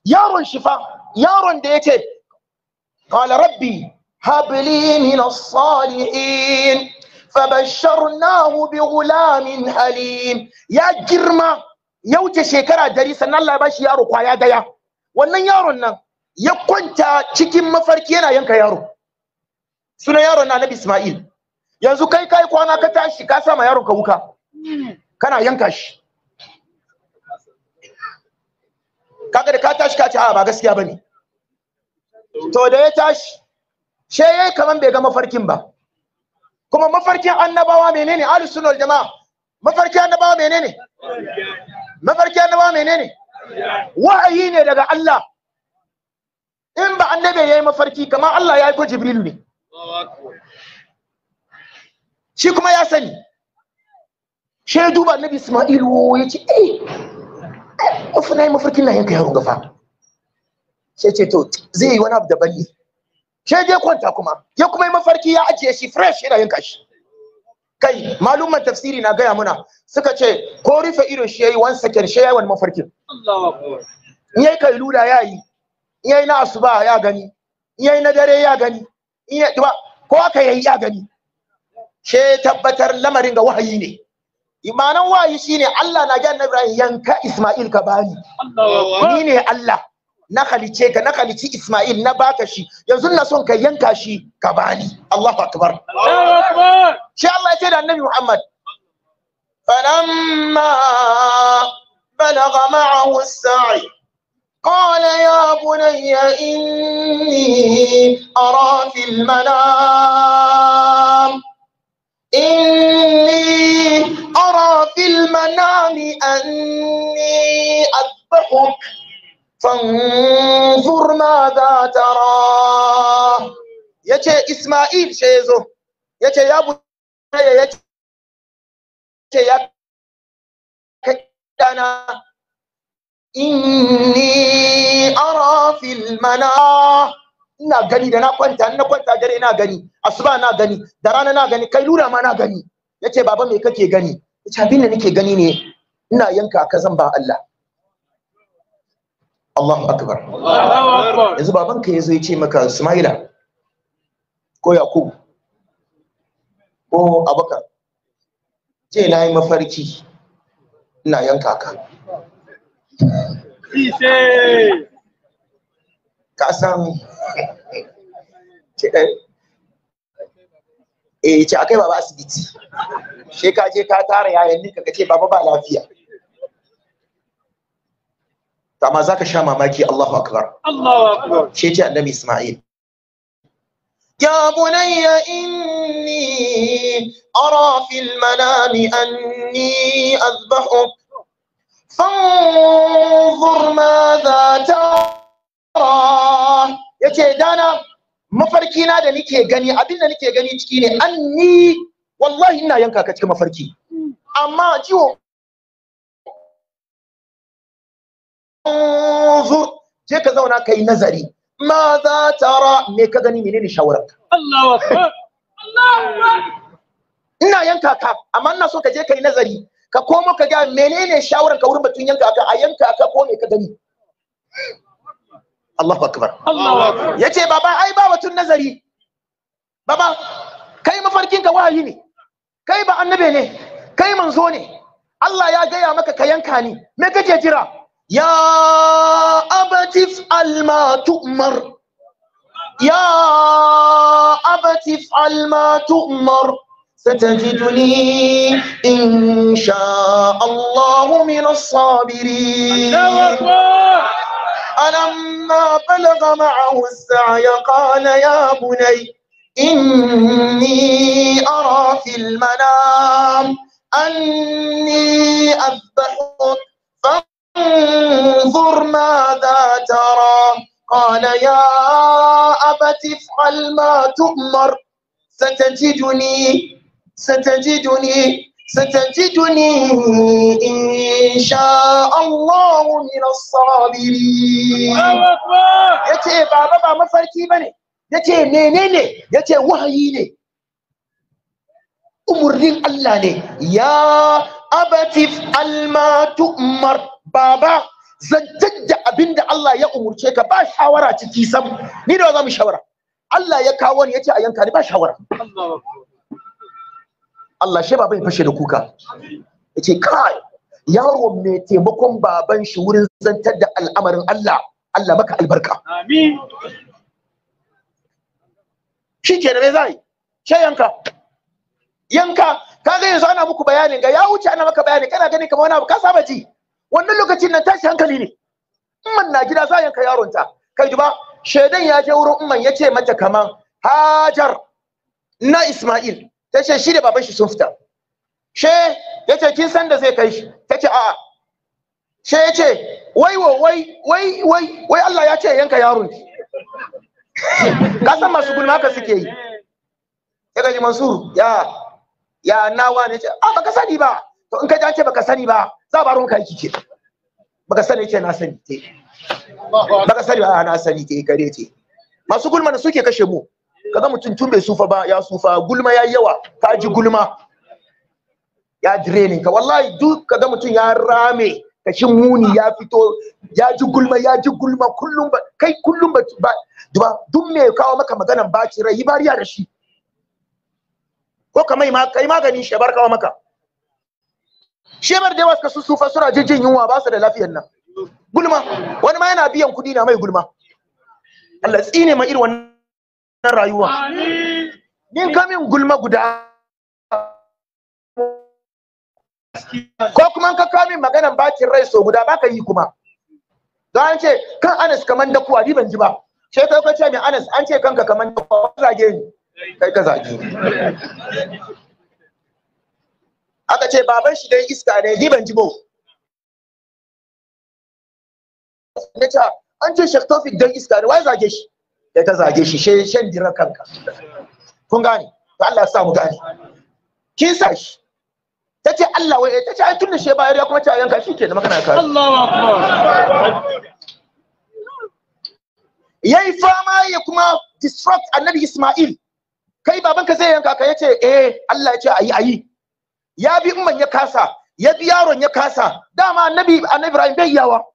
yaron shifa, yaron da yake kala rabbi هب لي من الصالحين فبشرناه بغلام حليم يا جرما ya wuce shekara dari sannan Allah ya bashi yaro kwaya daya wannan yaron nan ya kwanta cikin mafarki yana yanka yaro Suna yaron na Annabi Ismail yanzu kai kai kwana ka tashi ka sa ma yaron ka wuka kana yanka shi kaga da ka tashi ka ce a ba gaskiya bane to da ya tashi she yayi kaman bai ga mafarkin ba kuma mafarkin annabawa menene ahlus sunnah wal jamaa mafarkin annabawa menene mafarkin annabawa menene wa'ayi ne daga Allah in ba annabi yayi mafarki kaman Allah ya ko Jibril ne shi kuma ya sani she ya duba annabi Isma'il wo ya ce eh, eh ofu na yi mafarkin na yanka yaro gafa sai ce to zai yi wani abu da ne sai dai kwanta kuma ya kuma yi mafarki ya ajiye shi fresh yana yin kashi kai maluman tafsiri na gaya muna suka ce ko rufe ido shi yi wan sakin shi yayi wani mafarkin in kai luda yayi in yayi na asuba ya gani in na dare ya gani in yayi ko aka yayi ya gani she tabbatar lamarin ga wahayi ne imanan wahayi shine Allah na ga Ibrahim yanka Isma'il ka bani ni ne Allah na halice ka na halici Ismail na baka shi yanzu na son ka yanka shi ka bani Allahu akbar Allahu akbar shi Allah ya ce da Annabi Muhammad falamma balagha ma'ahu as-sa'i قال يا بني إني أرى في المنام إني أرى في المنام أني أذبحك fanzur ma za ra. ya ce isma'il ce ya zo ya ce ya buɗe ya ce ya kakana inni ara fil mana ina gani da na kwanta na kwanta dare na gani asuba na gani da rana na gani kai lura ma na gani yace baba me kake gani yace abin da nake gani ne ina yanka ka zan ba Allah Allahu akbar yanzu babanka yazo ya ce maka Ismaila ko Yakubu ko Abubakar je na yi mafarki ina yanka ka ka san eh. eh ce akai baba asibiti she ka je ka tara yayan ka ce baba ba lafiya za zaka sha mamaki Allahu akbar Allahu akbar ce ce annabi Isma'il يا بني إني أرى في المنام أني أذبحك فانظر ماذا ترى يتي دانا mafarki na da nike gani abin da nike gani ciki ne anni wallahi ina yanka ka cikin mafarki hmm. amma ciwo. unzur je ka zauna kai nazari ma za tara me ka gani menene shawararka ina yanka ka amma ina so ka je kai nazari ka komo ka ga menene shawaran wurin batun yanka a yanka ka ko me ka gani Allahu akbar yace baba ai ba batun nazari baba kai mafarkin ka wahayi ne kai ba annabe ne kai manzo ne Allah ya gaya maka ka yanka ni me kake jira يا أبت افعل ما تؤمر يا أبت افعل ما تؤمر ستجدني إن شاء الله من الصابرين ألما بلغ معه السعي قال يا بني إني أرى في المنام أني أذبحك انظر ماذا ترى قال يا أبت افعل ما تؤمر ستجدني ستجدني ستجدني إن شاء الله من الصابرين يتي بابا بابا بني يتي يتي الله يا أبت افعل ما تؤمر baba zan da abin da Allah ya umurce ka ba shawara ciki sam ni da za mu shawara Allah ya kawo ni yace a yanka ni ba shawara Allah shi baban fashe da kuka yace kai yaro mai taimakon baban shi wurin zantar da al'amarin Allah Allah maka albarka amin shi ke da me zai ce yanka yanka kaga yanzu ana muku bayanin ga ya wuce ana maka bayani kana gani kamar wani abu ka saba ji wannan lokacin nan tashi hankali ne umman na gida za yanka yaronta kai duba shedan ya je wurin umman ya ce mata kaman hajar na isma'il ta ce shi da baban shi sun fita she ya ce kin san da zai kai shi ta ce a'a she ya ce wai wai wai wai wai Allah ya ce yanka yaron ki ka san masu gulma haka suke yi ya ka ji mansur ya ya nawa ne ce a ah, baka sani ba to in ka ji an ce baka sani ba za ba ruwanka aiki ke baka sani ce na sani te baka sani ba na sani te te masu gulma da suke kashe mu kaga mutum tun bai sufa ba ya sufa gulma ya yawa ka ji gulma ya draining ka wallahi duk kaga mutum ya rame kashin muni ya fito ya ji gulma ya ji gulma kullum ba kai kullum ba duba duk me kawo maka maganan baci rai bariya da shi ko kamai ma kai maganin shi bar kawo maka shemar da yawa suka sussufa suna jin yunwa ba su da lafiyar nan gulma wani ma yana biyan kuɗi na mai gulma Allah tsine ma irin wannan rayuwa nin kamin gulma guda ko kuma ka min maganan bacin rai so guda baka yi kuma don an ce kan anas kaman da kuwa ban ji ba sai kai ka ce mai anas an ce kanka kaman da kuwa zage ni kai ka zage aka ce baban shi dai iska ne giban jibo nita an ce Sheikh tofik dan iska ne wai zage shi sai ta zage shi she shan dirar kanka kun gane to Allah ya sa mu gane kin sa shi tace Allah wai tace ai tunda she bayar ya kuma ta yanka shi kenan magana ka Allahu akbar yayi fama ya kuma disrupt annabi Ismail kai babanka zai yanka ka yace eh Allah ya ce ayi ayi ya bi umman ya kasa ya bi yaron ya kasa dama annabi annabi Ibrahim bai yawa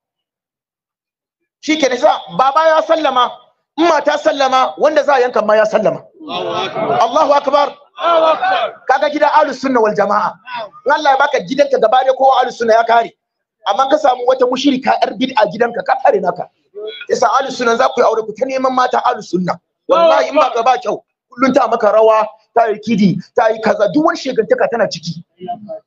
shi ke baba ya sallama umma ta sallama wanda za a yanka ma ya sallama Allahu akbar kaga gida ahlus sunna wal jamaa Allah ya baka gidanka gaba da kowa ahlus sunna ya kare amma ka samu wata mushrika yar bid'a gidanka ka kare naka yasa ahlus sunna za ku yi aure ku ta neman mata ahlus sunna wallahi in ba gaba kyau kullum ta maka rawa ta yi kidi ta yi kaza duk wani shegantaka tana ciki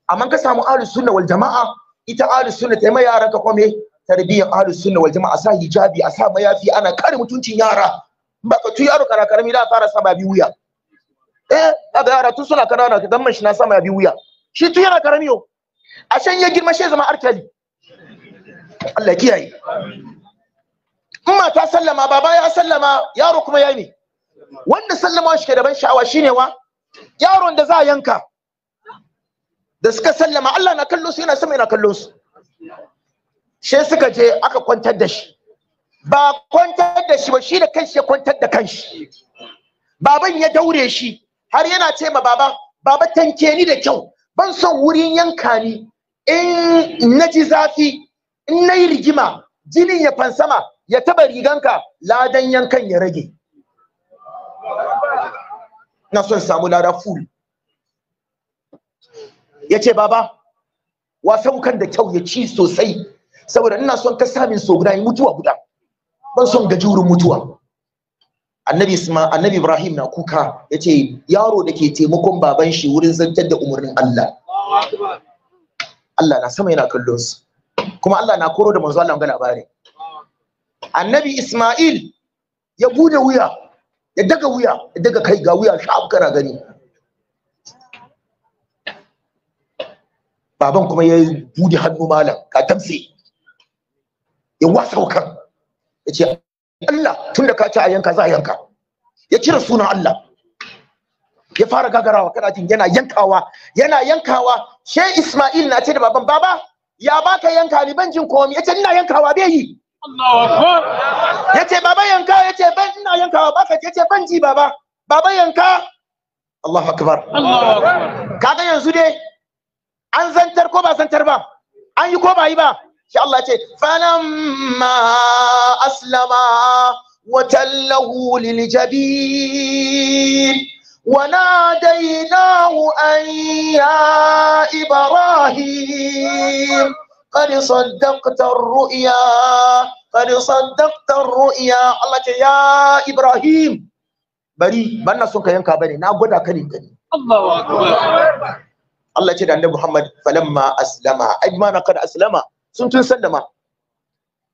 amma ka samu ahlus sunna wal jama'a ita ahlus sunna ta yi yaran ka kome tarbiyyar ahlus sunna wal jama'a sa hijabi a sa mayafi ana kare mutuncin yara ba ka tu yaro kana karami da fara sa babi wuya eh kaga yara tun suna kanana ka gamman shi na sama babi wuya shi tu yana karami yo a shan ya girma shi zama arkali Allah kiyaye in ta sallama baba ya sallama yaro kuma ya yi ne wanda sallama shi ke da ban sha'awa shine wa yaron da za a yanka da suka sallama Allah na kallon su yana sama yana kallon su she suka je aka kwantar da shi ba kwantar da shi ba shi da kanshi ya kwantar da kanshi baban ya daure shi har yana ce ma baba baba tanke ni da kyau ban son wurin yanka ni in na ji zafi in na yi rigima jinin ya fansama ya taba riganka ladan yankan ya rage Ina son samu lada full yace baba wasan kan da kyau ya ci sosai saboda ina son ka samin so guda mutuwa guda ban son gaji wurin mutuwa annabi isma annabi ibrahim na kuka yace yaro da ke taimakon baban shi wurin zantar da umarnin allah allah na sama yana kallon su kuma allah na koro da manzo allah ga labari annabi isma'il ya bude wuya ya daga wuya ya daga kai ga wuya abu kana gani baban kuma ya yi bude hannu malam ka tamse ya wasa wuka ya ce Allah tunda ka ci a yanka za a yanka ya cire sunan Allah ya fara gagarawa kana jin yana yankawa yana yankawa she Ismail na ce da baban baba ya baka yanka ni ban jin komai ya ce ina yankawa bai yi ya ce baba yanka ya ce ban ina yankawa ba ya ce ban ji baba baba yanka Allahu akbar kaga yanzu dai an zantar ko ba zantar ba an yi ko ba yi ba shi Allah ce falamma aslama wa tallahu lil jabin وناديناه أن يا إبراهيم قد صدقت الرؤيا قد صدقت الرؤيا الله ruya Allah ce ya Ibrahim bari ban son ka yanka bane na gwada ka ne Allah ce da Annabi sun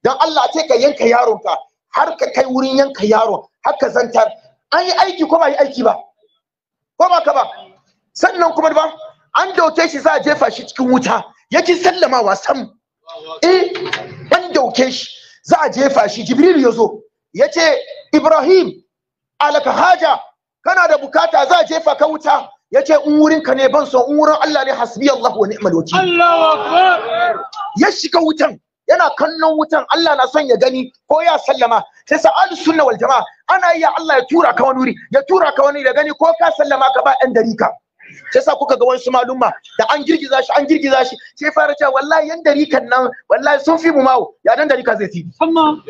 dan Allah ce ka yanka yaronka har ka kai wurin yanka yaron haka zantar an yi aiki ko ba yi aiki ba ko ba ka ba sannan kuma ba an dauke shi za a jefa shi cikin wuta ya ki sallamawa sam eh an dauke shi za a jefa shi jibril ya zo ya ce ibrahim alaka haja kana da bukata za a jefa ka wuta ya ce in wurin ka ne ban son in wurin Allah ne hasbi Allah wa ni'mal wakil ya shiga wutan yana kallon wutan Allah na son ya gani ko ya sallama sai Sa'adu sunna wal jamaa ana iya Allah ya tura ka wani wuri ya tura ka wani da gani ko ka sallama ka ba 'yan dari ka sai sa kuka ga wasu malumma da an girgiza shi an girgiza shi sai fara cewa wallahi yan kan nan wallahi sun fi mu mawo ya dan ka zai fi amma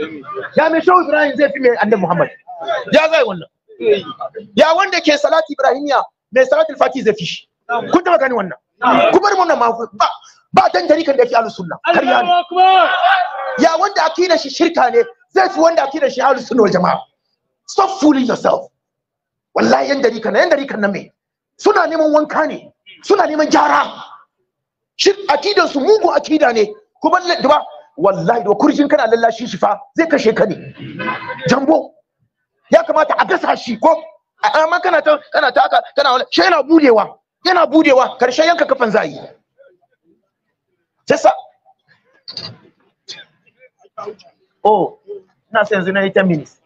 ya mai shehu ibrahim zai fi mai annabi muhammad ya zai wannan ya wanda ke salati ibrahimiya mai salatul fati zai fi shi kun taba gani wannan kuma da wannan mafi ba ba dan kan da fi ahlus sunna kariya ya wanda akida shi shirka ne zai fi wanda akida shi alusunna sunna wal jamaa stop fooling yourself wallahi yan darikan yan kan nan me suna neman wanka ne suna neman gyara shi akidan su mugu akida ne kuma ba wallahi da kurjin kana lallashi shi fa zai kashe ka ne jambo ya kamata a gasa shi ko amma kana ta kana ta haka kana shi yana budewa yana budewa karshen yanka kafan zai sasa oh ina sai yanzu na yi 10 minutes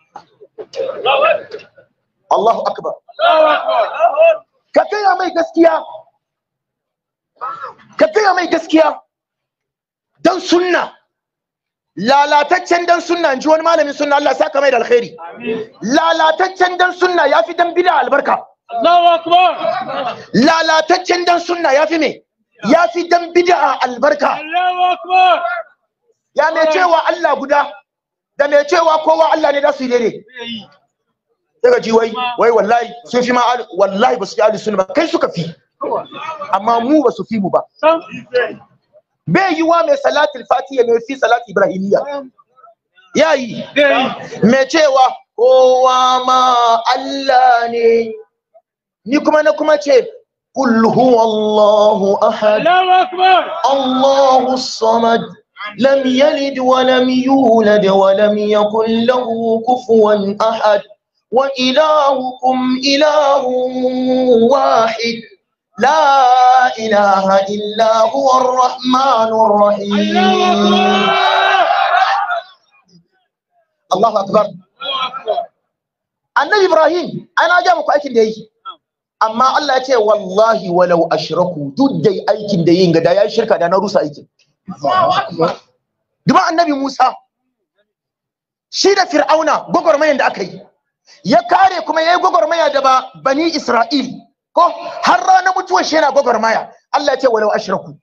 Allahu akbar Allahu akbar ka gaya mai gaskiya ka gaya mai gaskiya dan sunna lalataccen dan sunna in ji wani malamin sunna Allah saka mai da alkhairi lalataccen dan sunna ya fi dan bida albarka Allahu akbar lalataccen dan sunna ya fi me ya fi dan bid'a albarka Allahu akbar ya mai cewa Allah guda da mai cewa kowa Allah ne da su yi daidai daga ji wai wai wallahi sun fi ma wallahi ba su fi ahli sunna kai suka fi amma mu ba su fi mu ba bai yi wa mai salatul fatiha mai fi salati ibrahimiyya yayi mai cewa kowa ma Allah ne ni kuma na kuma ce قل هو الله أحد الله الصمد لم يلد ولم يولد ولم يكن له كفوا أحد وإلهكم إله واحد لا إله إلا هو الرحمن الرحيم الله annabi ibrahim ana ja muku aikin da yi amma Allah ya ce wallahi walau ashraku duk dai aikin da yin gada da yayi shirka da na rusa aikin duba annabi musa shi da fir'auna gwagwarmayan da aka yi ya kare kuma ya yi gwagwarmaya da ba bani isra'il ko har ranar mutuwar shi yana gwagwarmaya Allah ya ce walau ashraku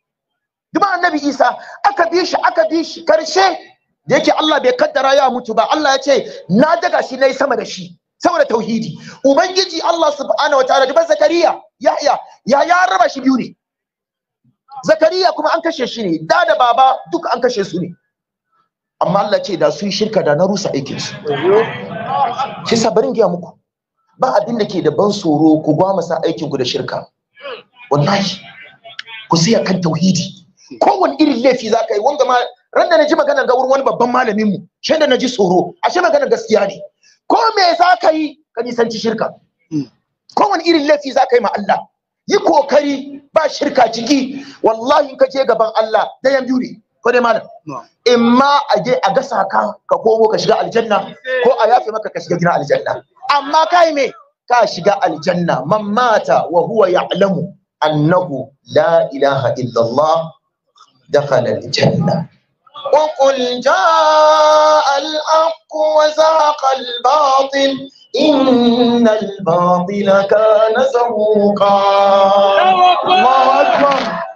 duma annabi isa aka bi shi aka bi shi karshe da yake Allah bai kaddara ya mutu ba Allah ya ce na daga shi na yi sama da shi saboda tauhidi ubangiji Allah subhanahu wa ta'ala duba zakariya yahya ya ya raba shi biyu ne zakariya kuma an kashe shi ne da da baba duka an kashe su ne amma Allah ce da sun shirka da na rusa aikinsu shi sa barin gaya muku ba abin da ke da ban tsoro ku gwamasa aikin ku da shirka wallahi ku siya kan tauhidi kowane irin laifi za ka yi wanga ma ran da na ji maganar ga wurin wani babban malamin mu shi da na ji tsoro shi maganar gaskiya ne ko me za ka yi ka nisanci shirka hmm. kowane irin laifi za ka yi ma Allah yi kokari ba shirka ciki wallahi in ka je gaban Allah dayan biyu ne ko dai malam in ma a je a gasa ka ka komo ka shiga aljanna ko a yafe maka ka shiga gina aljanna amma kai me ka shiga aljanna man mata wa huwa ya'lamu annahu la ilaha illallah dakhala aljanna وقل جاء الحق وزهق الباطل إن الباطل كان زهوقا الله أكبر